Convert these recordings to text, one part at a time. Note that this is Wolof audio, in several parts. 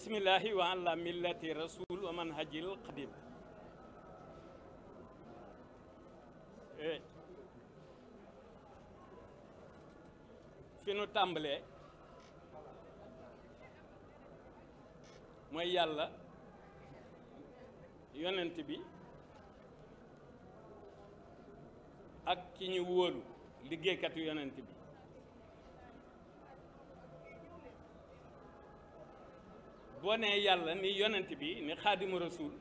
bismillahi wa ala millati rasul wa manhajil qadim eh. fi nu tàmbalee mooy yàlla yonent bi ak ki ñu wóolu liggéeykatu yonent bi boo nee yàlla ni yonent bi ni xaadimu rasuul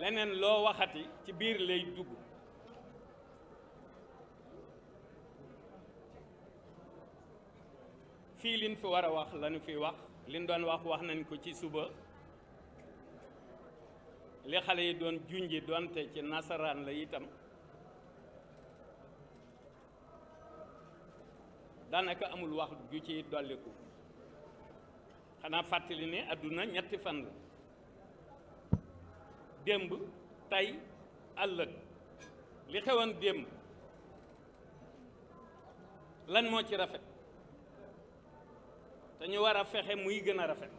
leneen loo waxati ci biir lay dugg fii liñ fi war a wax lañu fi wax liñ doon wax wax nañ ko ci suba li xale yi doon junji donte ci nasaraan la itam daanaka amul wax ju ci dolliku xanaa fàttali ne àdduna ñetti fan la démb tey àllëg li xewoon démb lan moo ci rafet te ñu war a fexe muy gën a rafet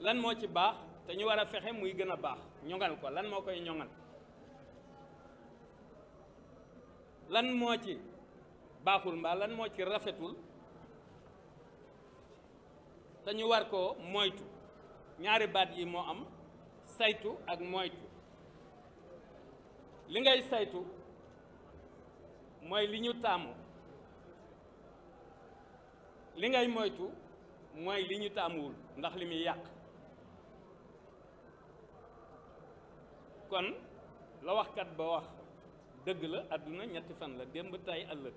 lan moo ci baax te ñu war a fexe muy gën a baax ñoŋal ko lan moo koy ñoŋal lan moo ci baaxul mbaa lan moo ci rafetul te ñu war ko moytu ñaari baat yi moo am saytu ak moytu li ngay saytu mooy li ñu taamu li ngay moytu mooy li ñu taamuwul ndax li muy yàq kon la waxkat ba wax dëgg la àdduna ñetti fan la démb tay ëllëg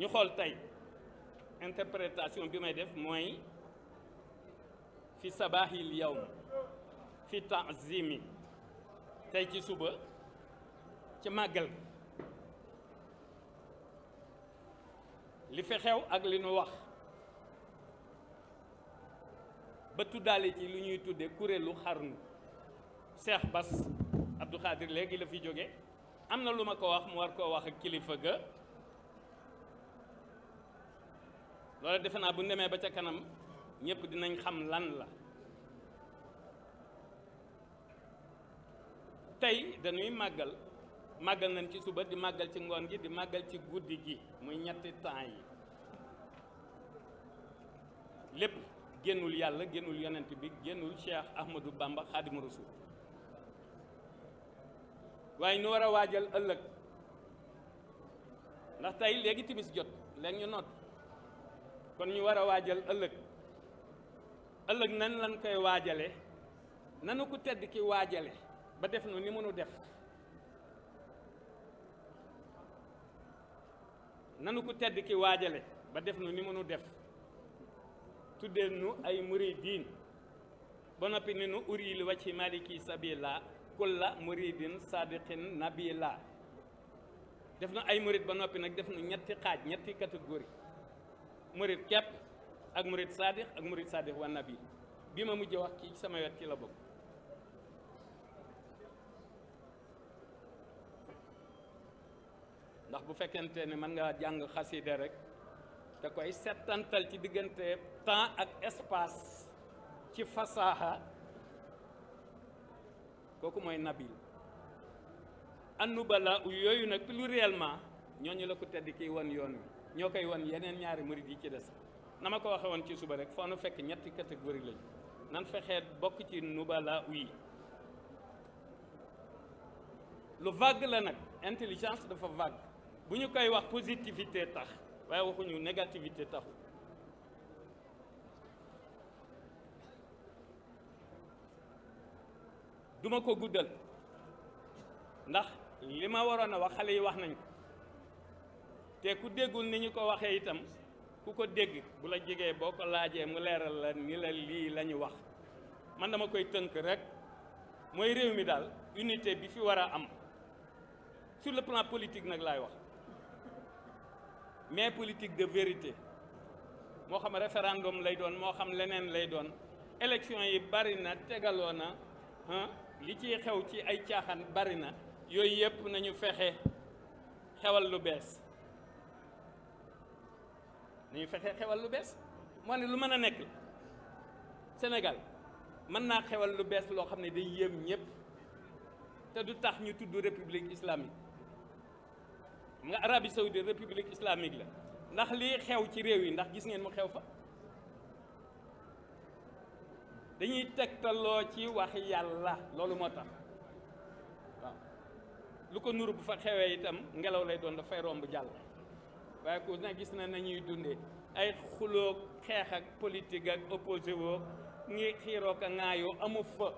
ñu xool tey interprétation bi may def moy fi sabahil yawm fi ta'zimi tay ci suba ci magal li fi xew ak li nu wax ba tudale ci lu ñuy tudde kurelu xarnu Cheikh Bass Abdou Khadir legui la fi jóge amna luma ko wax mu war ko wax ak kilifa ga wala defena bu ñu ba ca kanam ñepp dinañ xam lan la tay dañuy magal magal nañ ci suba di magal ci ngon gi di magal ci guddi gi muy ñett temps yi lepp gennul yalla gennul yonent bi gennul Cheikh Ahmadou Bamba khadim rasoul way ñu wara wajal ëlëk ndax tay léegi timis jot ñu note kon ñu war a waajal ëllëg ëllëg nan lañ koy waajale nanu ko tedd ki waajale ba def nu ni mënu def nanu ko tedd waajale ba def nu ni mënu def tuddee nu ay muridin ba noppi ni nu uriil wa ci maliki sabila kulla muridin sadiqin nabila def na ay murid ba noppi nag def nu ñetti xaaj ñetti catégorie murid kep ak murid sadiq ak murid sadiq wa nabi Bima mujjé wax ci sama wet ci la bok ndax bu fekkente ne man nga jang khasside rek da koy setantal ci digënté temps ak espace ci fasaha koku moy nabil annubala yooyu nag plus réellement ñoñu la ko tedd kiy wan yoon ñokay won yenen ñaari mouride yi ci dess nama ko waxe won ci suba rek foo nu fekk ñetti catégorie lañ nan fexé bok ci nubala wi lu vague la nak intelligence dafa vague buñu koy wax positivité tax waxu ñu négativité tax duma ko guddal ndax lima warona wax xale yi wax nañ ko te ku déggul ni ñu ko waxee itam ku ko dégg bu la jegee boo ko laajee mu leeral la ni la lii la ñu wax man dama koy tënk rek mooy réew mi daal unité bi fi war a am sur le plan politique nag laay wax mais politique de vérité moo xam référendum lay doon moo xam leneen lay doon élection yi bari na tegaloo na li ci xew ci ay caaxaan bari na yooyu yëpp nañu fexe xewal lu bees ni fexe xewal lu bes moo ne lu mën nek Sénégal mën naa xewal lu bes loo xam ne day yéem ñëpp te du tax ñu tudd république islamique nga Arabie Saoudite république islamique la ndax lii xew ci réew yi ndax gis ngeen mu xew fa dañuy tegtaloo ci wax yàlla loolu moo tax waaw lu ko nuru bu fa xewé itam ngelaw lay doon da fay romb jàll waye ko na gis na nañuy dundé ay xulo xex ak politique ak opposé wo ñi xiro ka nga yo amu fa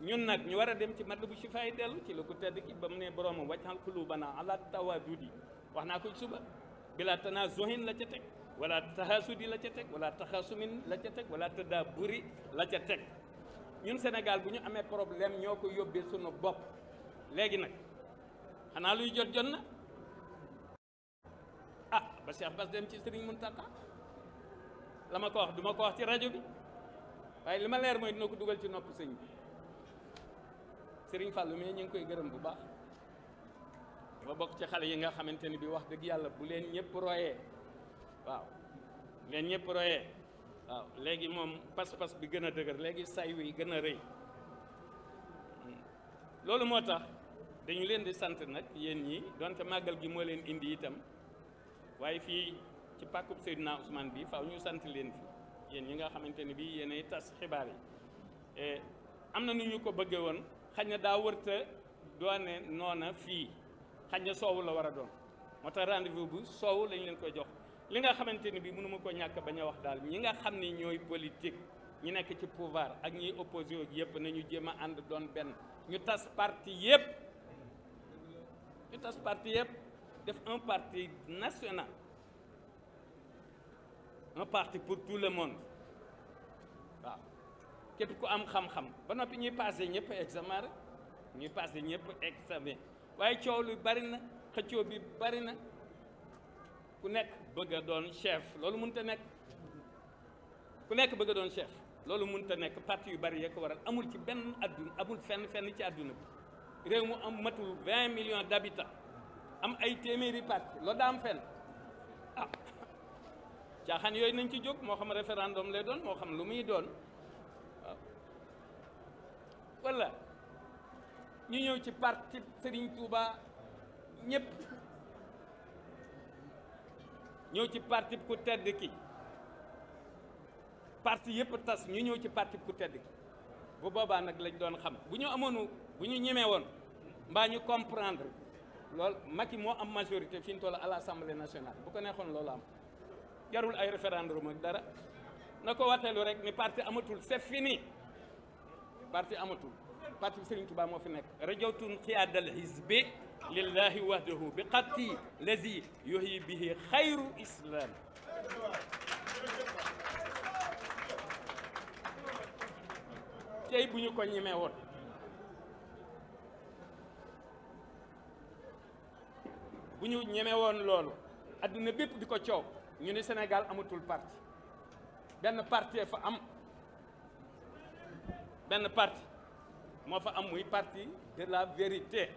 ñun nak ñu wara dem ci mat bu ci fay dellu ci lu ko tedd ki bam ne borom wajjal qulubana ala tawadudi waxna naa ko suba bila tanazuhin la ca tek wala taxasudi la ca tek wala takhasumin la ca tek wala tadaburi la ca tek ñun Sénégal bu ñu amé problème ñoko yobé sunu bop légui nak xanaa luy jot jot na ba cheikh bass dem ci serigne muntaka lama ko wax duma ko wax ci radio bi way lima leer moy dina ko duggal ci nopp serigne bi serigne fallu me ñing koy gëreem bu baax dafa bok ci xalé yi nga xamanteni bi wax deug yalla bu len ñepp royé waaw leen ñepp royé waaw legi mom pass pass bi gëna a legi say wi gëna a lolu motax dañu len di sante nak yéen ñi donte magal gi mo len indi itam waaye fii ci pàkkub Seydina Ousmane bi faaw ñu sant leen fi yéen ñi nga xamante ni bii yéenay tas xibaar yi e, am na nu ñu ko bëggee woon xaj na daa wërta doone noona fii xaj na soowu la war a doon moo tax rendez-vous bu soowu lañ leen koy jox li nga xamante ni bii mënuma ko ñàkk bañ a wax daal ñi nga xam ni ñooy politique ñi nekk ci pouvoir ak ñiy opposé yëpp nañu jéem a ànd doon benn ñu tas parti yëpp ñu tas parti yëpp def un parti national un parti pour tout le monde waaw képp ku am xam-xam ba noppi ñuy passé ñëpp examen rek ñuy passé ñëpp examen waaye coow lu bari na xëccoo bi bari na ku nekk bëgg doon chef loolu mënut a nekk ku nekk bëgg doon chef loolu mënut a nekk parti yu bari yee ko waral amul ci benn adduna amul fenn fenn ci adduna bi réew mu am matul 20 millions d'habitants. am ay téeméeri parti lo daa am fenn ah caaxaan yooyu nañ ci jog mo xam référendum lay doon mo xam lu muy doon wala ah. ñu ñew ci parti Serigne Touba ñepp ñew ci parti ku tedd ki parti yépp tass ñu ñew ci parti ku tedd ki bu boba nak lañ doon xam bu ñu amono bu ñu ñëmé won mbaa ñu comprendre loolu Macky moo am majorité fi ñu toll à l'Assemblée nationale bu ko neexoon loolu am jarul ay référendum ak dara na ko wateelu rek ni parti amatul c'est fini parti amatul parti bi Serigne Touba moo fi nekk rajawtun qiyaadal hizbi lillahi wahdahu bi qatti lazi yuhyi bihi xayru islam tey bu ñu ko ñemee woon bu ñu ñeme woon loolu adduna bépp di ko coow ñu ne Sénégal amatul parti benn partie fa am benn parti moo fa am muy parti de la vérité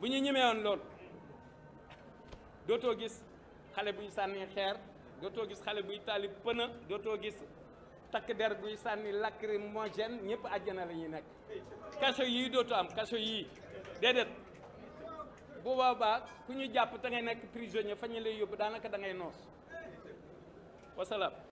bu ñu ñemee woon loolu dootoo gis xale buy sànni xeer dootoo gis xale buy taali pëna dootoo gis takk der buy sànni lacrymogène ñëpp àjjana la ñuy nekk kaso yii dootu am kaso yii déedéet bu boobaa ku ñu jàpp te ngay nekk prisonnier fa ñu lay yóbbu daanaka da ngay noos wasalaam